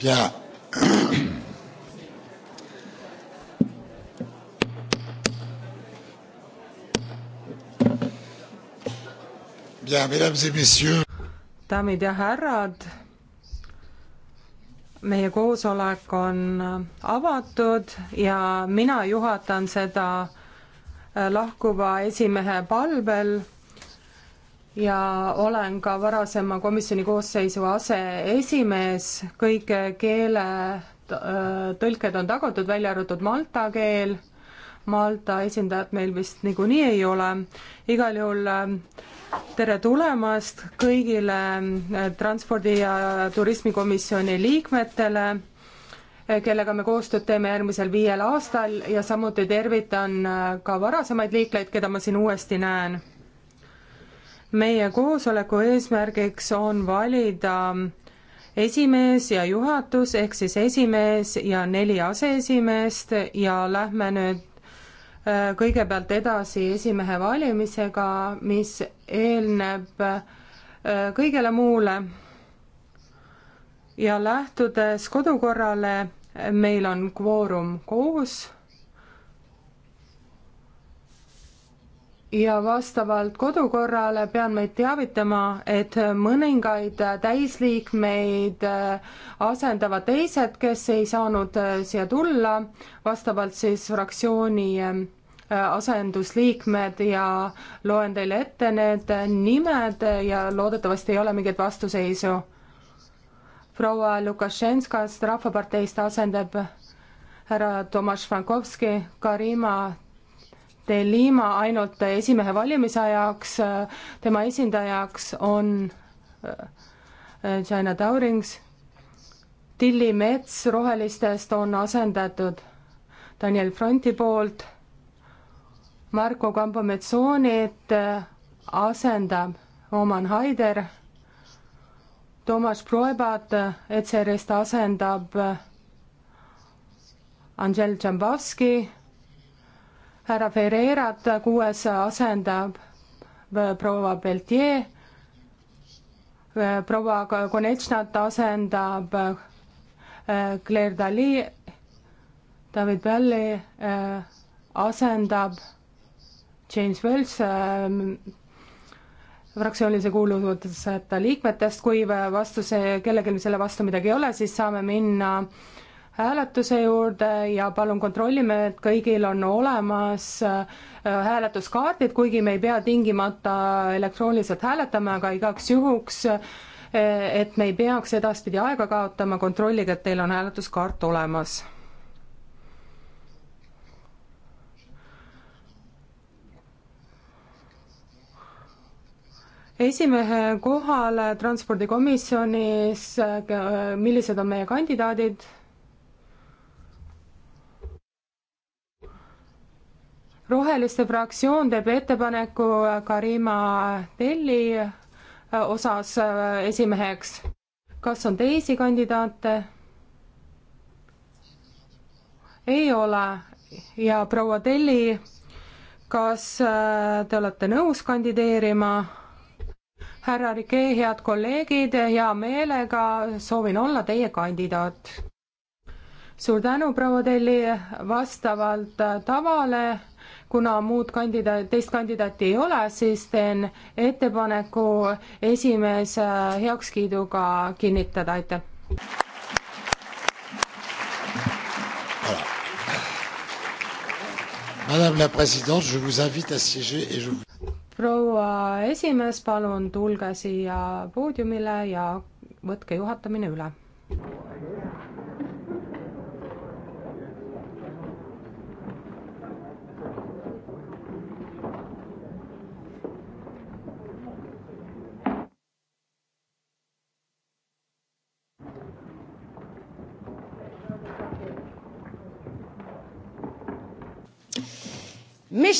Bien. Bien, mesdames et messieurs. daamid ja härrad, meie koosolek on avatud ja mina juhatan seda eh, lahkuva esimehe palvel ja olen ka varasema komisjoni koosseisu aseesimees, kõik keele äh, tõlked on tagatud, välja arvatud malta keel, Malta esindajat meil vist niikuinii ei ole, igal juhul äh, tere tulemast kõigile äh, Transpordi- ja Turismikomisjoni liikmetele, kellega me koostööd teeme järgmisel viiel aastal ja samuti tervitan ka varasemaid liikleid, keda ma siin uuesti näen meie koosoleku eesmärgiks on valida esimees ja juhatus ehk siis esimees ja neli aseesimeest ja lähme nüüd äh, kõigepealt edasi esimehe valimisega, mis eelneb äh, kõigele muule. ja lähtudes kodukorrale, meil on kvoorum koos ja vastavalt kodukorrale pean meid teavitama, et mõningaid täisliikmeid äh, asendavad teised, kes ei saanud äh, siia tulla, vastavalt siis fraktsiooni äh, asendusliikmed ja loen teile ette need nimed ja loodetavasti ei ole mingeid vastuseisu. proua Lukašenskast Rahvaparteist asendab härra Tomaš Frankovski, Karima de Lima ainult esimehe valimise ajaks, tema esindajaks on äh, China Taurings, Tilli Mets Rohelistest on asendatud Daniel Fronti poolt, Marko Kambometsoonit äh, asendab Oman Haider, Toomas Proebat äh, ECR-ist asendab Angel Džambavski härra Ferreirat, kuues asendab proua Beltier, proua Konechnat asendab äh, Claire Dali, David Belli äh, asendab James Wells äh, fraktsioonilise kuuluvuseta liikmetest, kui vastuse, kellelgi selle vastu midagi ei ole, siis saame minna äh, hääletuse juurde ja palun kontrollime, et kõigil on olemas äh, hääletuskaardid, kuigi me ei pea tingimata elektrooniliselt hääletama, aga igaks juhuks, äh, et me ei peaks edaspidi aega kaotama, kontrollige, et teil on hääletuskaart olemas. esimehe kohale transpordikomisjonis, äh, millised on meie kandidaadid? roheliste fraktsioon teeb ettepaneku Karima Telli äh, osas äh, esimeheks. kas on teisi kandidaate? ei ole ja proua Telli, kas äh, te olete nõus kandideerima? härra Rike, head kolleegid, hea meelega soovin olla teie kandidaat. suur tänu, proua Telli, vastavalt tavale kuna muud kandidaat, teist kandidaati ei ole, siis teen ettepaneku esimese heakskiiduga kinnitada, aitäh. Madame la présidente, je vous invite à siéger et je vous proua esimees, palun tulge siia poodiumile ja võtke juhatamine üle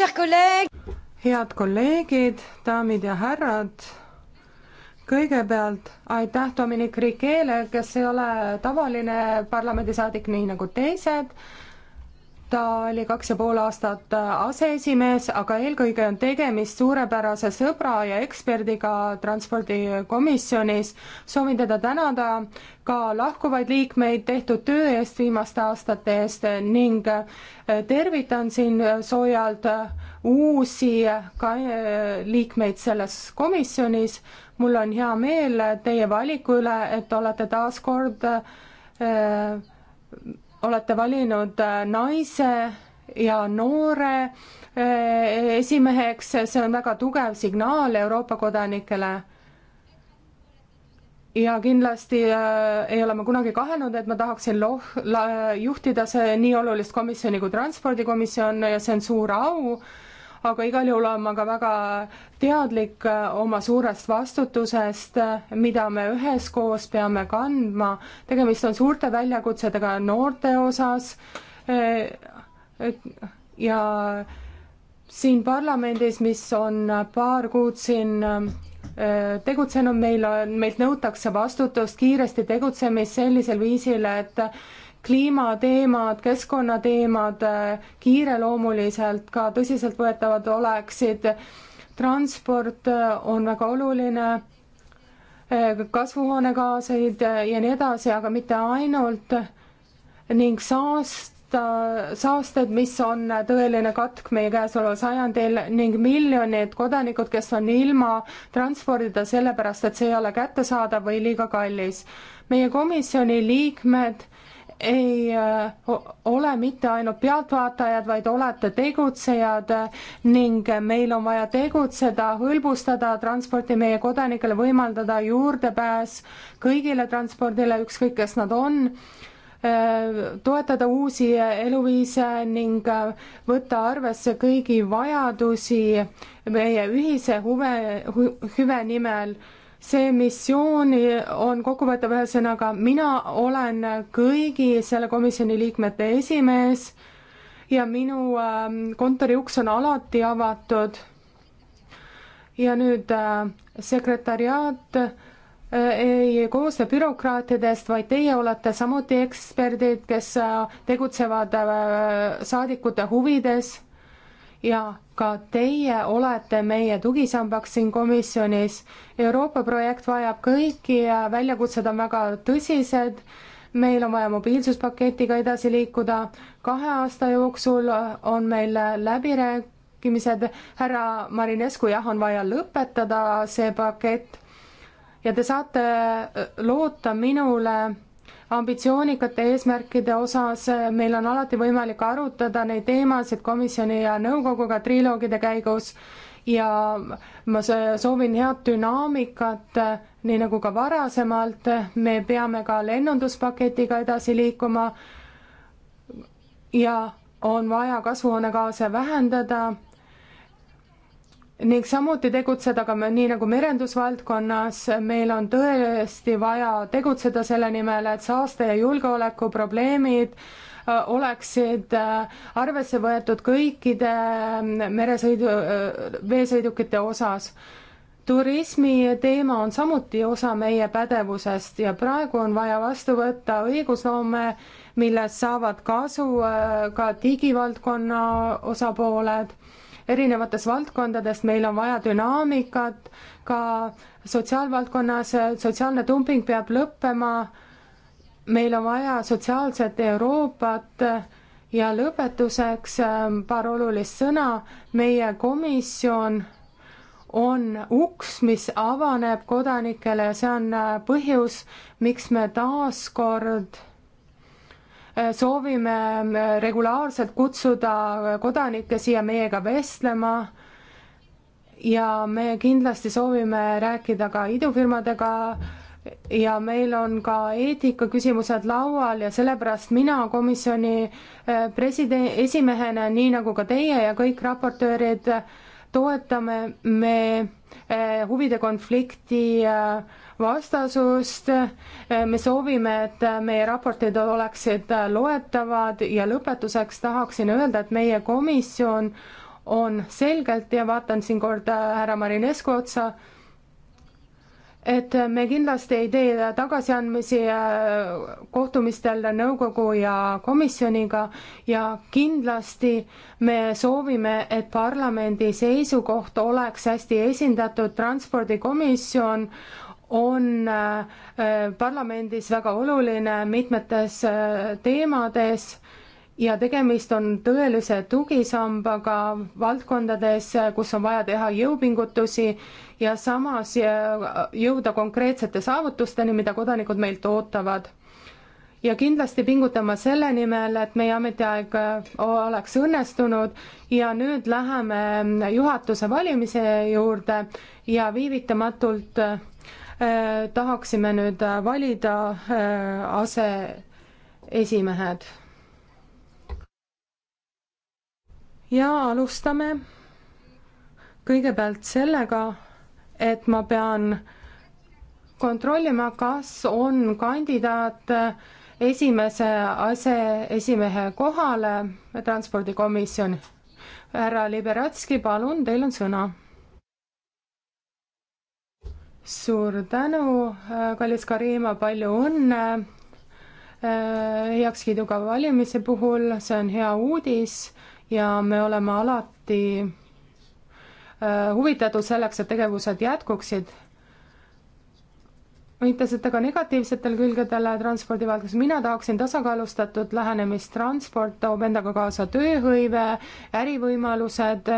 head kolleegid, daamid ja härrad, kõigepealt aitäh Dominic Riquele, kes ei ole tavaline parlamendisaadik, nii nagu teised, ta oli kaks ja pool aastat äh, aseesimees, aga eelkõige on tegemist suurepärase sõbra ja eksperdiga transpordikomisjonis. soovin teda tänada ka lahkuvaid liikmeid tehtud töö eest viimaste aastate eest ning äh, tervitan siin soojalt äh, uusi ka liikmeid selles komisjonis. mul on hea meel teie valiku üle, et olete taas kord äh, olete valinud äh, naise ja noore äh, esimeheks, see on väga tugev signaal Euroopa kodanikele. ja kindlasti äh, ei ole ma kunagi kahelnud, et ma tahaksin loh-, juhtida see nii olulist komisjoni kui Transpordikomisjon ja see on suur au äh, aga igal juhul olen ma ka väga teadlik äh, oma suurest vastutusest, äh, mida me üheskoos peame kandma. tegemist on suurte väljakutsedega noorte osas äh, ja siin parlamendis, mis on paar kuud siin tegutsenud, meil on, meilt nõutakse vastutust, kiiresti tegutsemist sellisel viisil, et kliimateemad, keskkonnateemad kiireloomuliselt ka tõsiseltvõetavad oleksid. transport äh, on väga oluline, äh, kasvuhoonegaaseid äh, ja nii edasi, aga mitte ainult ning saasta, saasted, mis on tõeline katk meie käesoleval sajandil ning miljonid kodanikud, kes on ilma transpordida sellepärast, et see ei ole kättesaadav või liiga kallis. meie komisjoni liikmed ei äh, ole mitte ainult pealtvaatajad, vaid olete tegutsejad ning meil on vaja tegutseda, hõlbustada transporti meie kodanikele, võimaldada juurdepääs kõigile transpordile, ükskõik kes nad on, äh, toetada uusi eluviise ning äh, võtta arvesse kõigi vajadusi meie ühise huve, hüve nimel see missioon on kokkuvõttev, ühesõnaga mina olen kõigi selle komisjoni liikmete esimees ja minu ähm, kontori uks on alati avatud. ja nüüd äh, sekretäriaat äh, ei koosne bürokraatidest, vaid teie olete samuti eksperdid, kes äh, tegutsevad saadikute huvides ja ka teie olete meie tugisambaks siin komisjonis. Euroopa projekt vajab kõiki ja väljakutsed on väga tõsised. meil on vaja mobiilsuspaketiga edasi liikuda. kahe aasta jooksul on meil läbirääkimised. härra Marinescu, jah, on vaja lõpetada see pakett. ja te saate loota minule ambitsioonikate eesmärkide osas eh, meil on alati võimalik arutada neid teemasid komisjoni ja nõukoguga triloogide käigus ja ma soovin head dünaamikat, eh, nii nagu ka varasemalt, me peame ka lennunduspaketiga edasi liikuma ja on vaja kasvuhoonegaase vähendada ning samuti tegutseda ka nii nagu merendusvaldkonnas, meil on tõesti vaja tegutseda selle nimel, et saaste ja julgeoleku probleemid äh, oleksid äh, arvesse võetud kõikide äh, meresõidu, veesõidukite osas. turismi teema on samuti osa meie pädevusest ja praegu on vaja vastu võtta õigusloome, millest saavad kasu ka digivaldkonna osapooled erinevates valdkondades, meil on vaja dünaamikat, ka sotsiaalvaldkonnas sotsiaalne dumping peab lõppema, meil on vaja sotsiaalset Euroopat ja lõpetuseks ähm, paar olulist sõna, meie komisjon on uks, mis avaneb kodanikele ja see on äh, põhjus, miks me taaskord Äh, soovime äh, regulaarselt kutsuda kodanikke siia meiega vestlema ja me kindlasti soovime rääkida ka idufirmadega ja meil on ka eetikaküsimused laual ja sellepärast mina komisjoni äh, presidendi, esimehena, nii nagu ka teie ja kõik raportöörid, toetame me huvide konflikti äh, vastasust. me soovime, et meie raportid oleksid loetavad ja lõpetuseks tahaksin öelda, et meie komisjon on selgelt ja vaatan siin kord härra Marinescu otsa, et me kindlasti ei tee tagasiandmisi äh, kohtumistel nõukogu ja komisjoniga ja kindlasti me soovime, et parlamendi seisukoht oleks hästi esindatud, transpordikomisjon on äh, parlamendis väga oluline mitmetes äh, teemades ja tegemist on tõelise tugisambaga valdkondades, kus on vaja teha jõupingutusi ja samas äh, jõuda konkreetsete saavutusteni, mida kodanikud meilt ootavad. ja kindlasti pingutama selle nimel, et meie ametiaeg oleks õnnestunud ja nüüd läheme juhatuse valimise juurde ja viivitamatult Äh, tahaksime nüüd äh, valida äh, aseesimehed. ja alustame kõigepealt sellega, et ma pean kontrollima, kas on kandidaat esimese aseesimehe kohale transpordikomisjon. härra Liberatski, palun, teil on sõna suur tänu, äh, kallis Karima, palju õnne äh, heakskiiduga valimise puhul, see on hea uudis ja me oleme alati äh, huvitatud selleks, et tegevused jätkuksid. viitasite ka negatiivsetele külgedele transpordi valdkonnas, mina tahaksin tasakaalustatud lähenemist, transport toob endaga kaasa tööhõive, ärivõimalused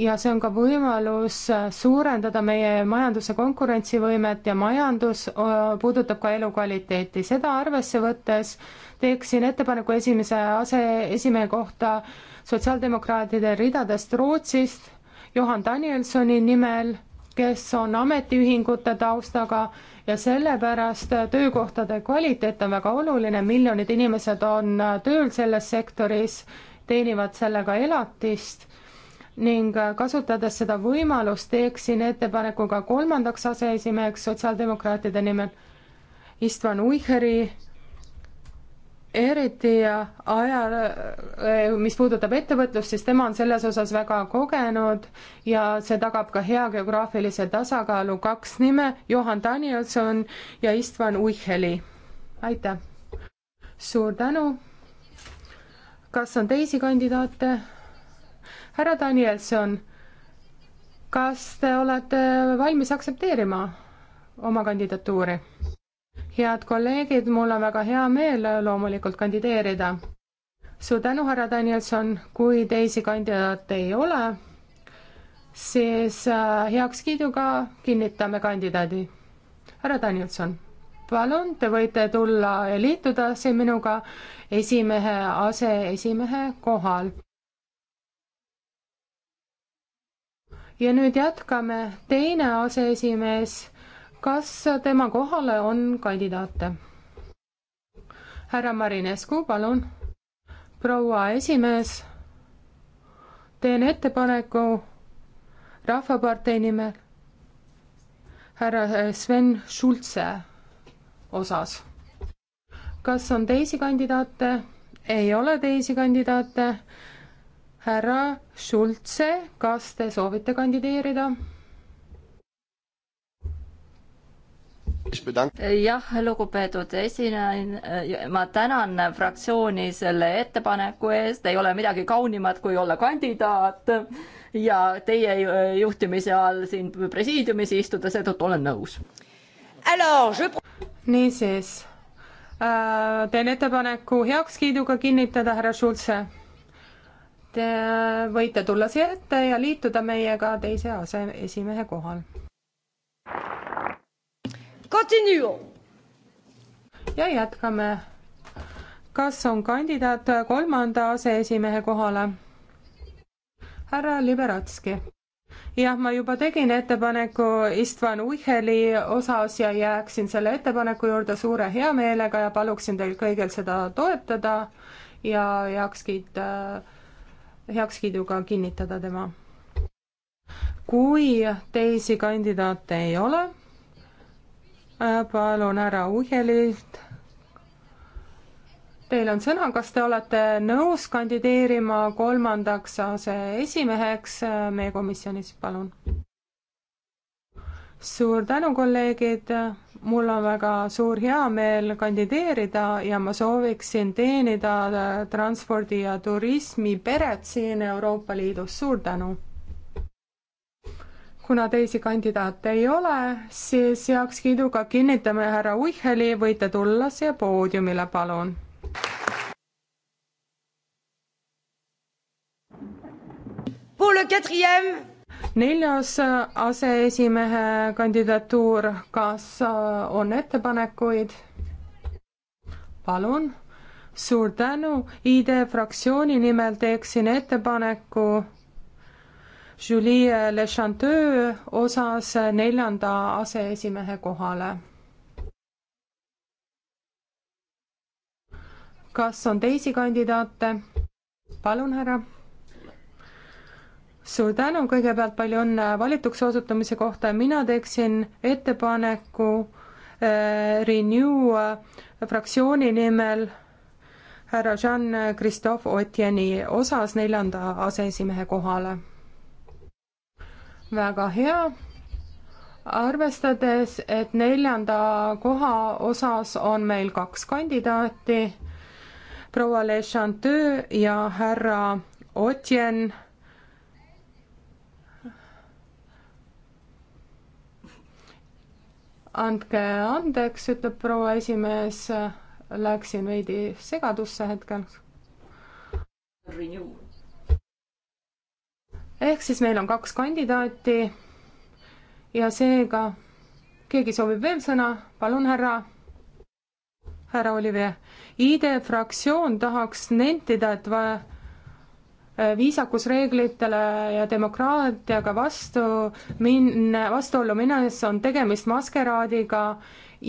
ja see on ka võimalus suurendada meie majanduse konkurentsivõimet ja majandus puudutab ka elukvaliteeti. seda arvesse võttes teeksin ettepaneku esimese aseesimehe kohta sotsiaaldemokraatide ridadest Rootsist Johan Danielsoni nimel, kes on ametiühingute taustaga ja sellepärast töökohtade kvaliteet on väga oluline, miljonid inimesed on tööl selles sektoris, teenivad sellega elatist ning kasutades seda võimalust, teeksin ettepaneku ka kolmandaks aseesimeheks sotsiaaldemokraatide nimel Istvan Uiheri, eriti ajal, eh, mis puudutab ettevõtlust, siis tema on selles osas väga kogenud ja see tagab ka hea geograafilise tasakaalu, kaks nime, Johan Danielson ja Istvan Uiheli. aitäh! suur tänu! kas on teisi kandidaate? härra Danielson, kas te olete valmis aktsepteerima oma kandidatuuri? head kolleegid, mul on väga hea meel loomulikult kandideerida. suur tänu, härra Danielson, kui teisi kandidaate ei ole, siis äh, heakskiiduga kinnitame kandidaadi. härra Danielson, palun, te võite tulla ja liituda siin minuga esimehe aseesimehe kohal. ja nüüd jätkame, teine aseesimees, kas tema kohale on kandidaate? härra Marinescu, palun. proua esimees, teen ettepaneku Rahvapartei nimel härra äh, Sven Schulze osas. kas on teisi kandidaate? ei ole teisi kandidaate härra Schulze, kas te soovite kandideerida? jah, lugupeetud esineja, ma tänan fraktsiooni selle ettepaneku eest, ei ole midagi kaunimat, kui olla kandidaat ja teie juhtimise all siin presiidiumis istuda, seetõttu olen nõus. Je... niisiis äh,, teen ettepaneku heakskiiduga kinnitada härra Schulze Te äh, võite tulla siia ette ja liituda meiega teise aseesimehe kohal. ja jätkame. kas on kandidaat kolmanda aseesimehe kohale? härra Liberatski. jah, ma juba tegin ettepaneku Istvan Uiheli osas ja jääksin selle ettepaneku juurde suure heameelega ja paluksin teil kõigil seda toetada ja heaks kiita äh, heakskiiduga kinnitada tema. kui teisi kandidaate ei ole, äh, palun härra Uhhelilt. Teil on sõna, kas te olete nõus kandideerima kolmandaks aseesimeheks äh, meie komisjonis, palun? suur tänu, kolleegid, mul on väga suur heameel kandideerida ja ma sooviksin teenida transpordi ja turismi peret siin Euroopa Liidus, suur tänu! kuna teisi kandidaate ei ole, siis heakskiiduga kinnitame härra Uiheli, võite tulla siia poodiumile, palun. Pour le quatrième neljas äh, aseesimehe kandidatuur, kas äh, on ettepanekuid? palun, suur tänu, ID fraktsiooni nimel teeksin ettepaneku Julie Le Chanteux osas neljanda aseesimehe kohale. kas on teisi kandidaate? palun, härra suur tänu, kõigepealt palju õnne valituks osutumise kohta, mina teeksin ettepaneku äh, Renew äh, fraktsiooni nimel härra Jean-Christophe Otieni osas neljanda aseesimehe kohale. väga hea, arvestades, et neljanda koha osas on meil kaks kandidaati, proua Le Chanteux ja härra Otien andke andeks, ütleb proua esimees, läksin veidi segadusse hetkel. ehk siis meil on kaks kandidaati ja seega keegi soovib veel sõna, palun härra, härra Olivier. ID e fraktsioon tahaks nentida, et vaja viisakusreeglitele ja demokraatiaga vastu minna, vastuollu minnes on tegemist maskeraadiga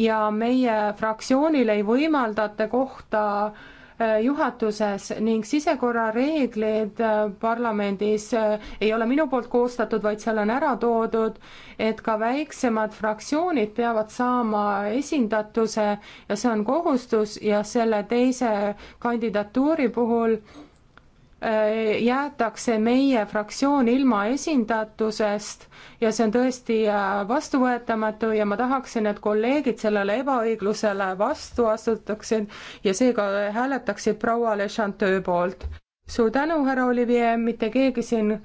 ja meie fraktsioonil ei võimaldata kohta äh, juhatuses ning sisekorrareeglid äh, parlamendis äh, ei ole minu poolt koostatud, vaid seal on ära toodud, et ka väiksemad fraktsioonid peavad saama esindatuse ja see on kohustus ja selle teise kandidatuuri puhul Äh, jäetakse meie fraktsioon ilma esindatusest ja see on tõesti äh, vastuvõetamatu ja ma tahaksin, et kolleegid sellele ebaõiglusele vastu astutaksid ja seega hääletaksid proua Le Chanteux poolt. suur tänu, härra Olivier, mitte keegi siin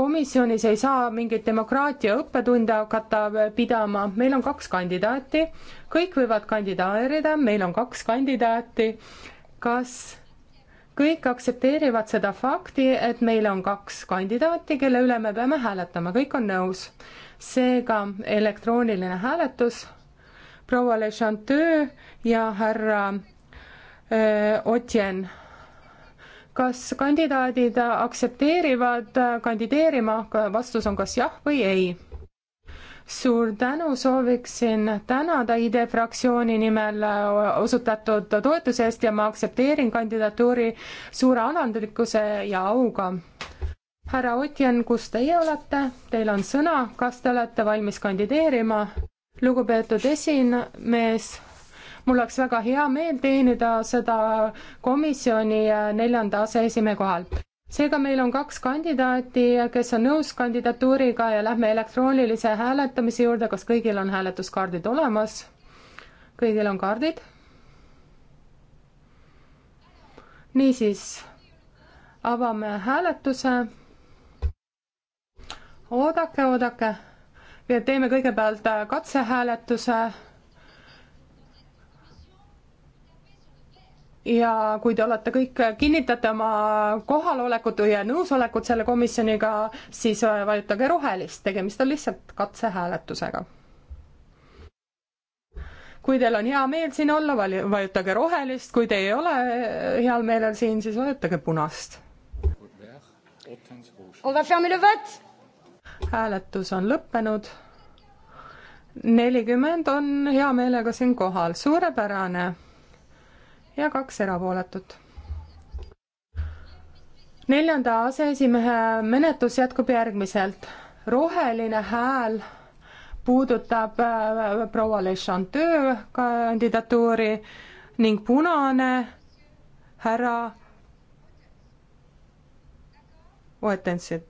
komisjonis ei saa mingeid demokraatia õppetunde hakata pidama, meil on kaks kandidaati, kõik võivad kandideerida, meil on kaks kandidaati, kas kõik aktsepteerivad seda fakti, et meil on kaks kandidaati, kelle üle me peame hääletama, kõik on nõus. seega elektrooniline hääletus proua Le Chanteux ja härra öö, äh, Otjen. kas kandidaadid aktsepteerivad äh, kandideerima, vastus on kas jah või ei suur tänu, sooviksin tänada ID e fraktsiooni nimel äh, osutatud toetuse eest ja ma aktsepteerin kandidatuuri suure alandlikkuse ja auga. härra Otjen, kus teie olete, teil on sõna, kas te olete valmis kandideerima? lugupeetud esimees, mul oleks väga hea meel teenida seda komisjoni äh, neljanda aseesimehe kohal seega meil on kaks kandidaati, kes on nõus kandidatuuriga ja lähme elektroonilise hääletamise juurde, kas kõigil on hääletuskaardid olemas? kõigil on kaardid? niisiis, avame hääletuse. oodake, oodake ja teeme kõigepealt katsehääletuse ja kui te olete kõik, kinnitate oma kohalolekut ja nõusolekut selle komisjoniga, siis äh, vajutage rohelist, tegemist on lihtsalt katsehääletusega. kui teil on hea meel siin olla, vajutage rohelist, kui te ei ole äh, heal meelel siin, siis vajutage punast. hääletus on lõppenud nelikümmend on hea meelega siin kohal, suurepärane ja kaks erapooletut. neljanda aseesimehe menetlus jätkub järgmiselt. roheline hääl puudutab äh, proua Le Chanteux kandidatuuri ning punane härra Oetensit,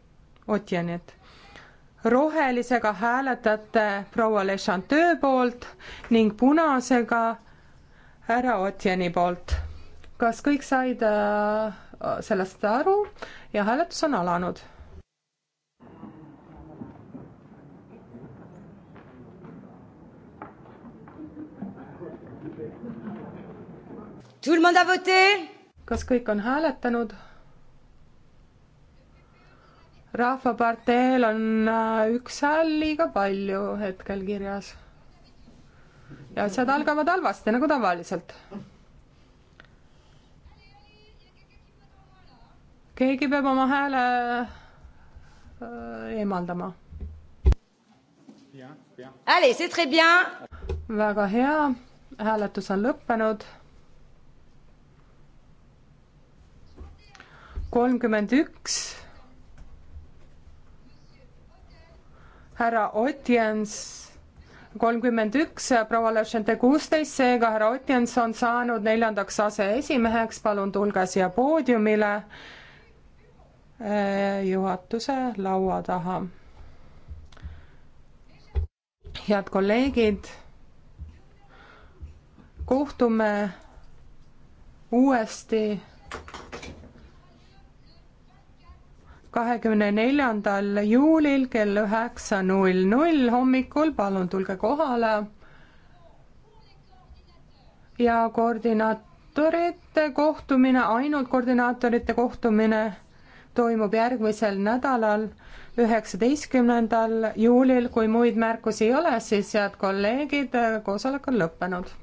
Otjanit. rohelisega hääletate proua Le Chanteux poolt ning punasega härra Otjeni poolt. kas kõik said äh, sellest aru ja hääletus on alanud? kas kõik on hääletanud? rahvaparteel on äh, üks hääl liiga palju hetkel kirjas ja asjad algavad halvasti, nagu tavaliselt. keegi peab oma hääle äh, eemaldama. väga hea, hääletus on lõppenud. kolmkümmend üks. härra Otjens kolmkümmend üks, proua Lešente kuusteist, seega härra Otjens on saanud neljandaks aseesimeheks, palun tulge siia poodiumile eh, juhatuse laua taha. head kolleegid, kohtume uuesti kahekümne neljandal juulil kell üheksa null null hommikul, palun tulge kohale. ja koordinaatorite kohtumine, ainult koordinaatorite kohtumine toimub järgmisel nädalal, üheksateistkümnendal juulil, kui muid märkusi ei ole, siis head kolleegid, koosolek on lõppenud.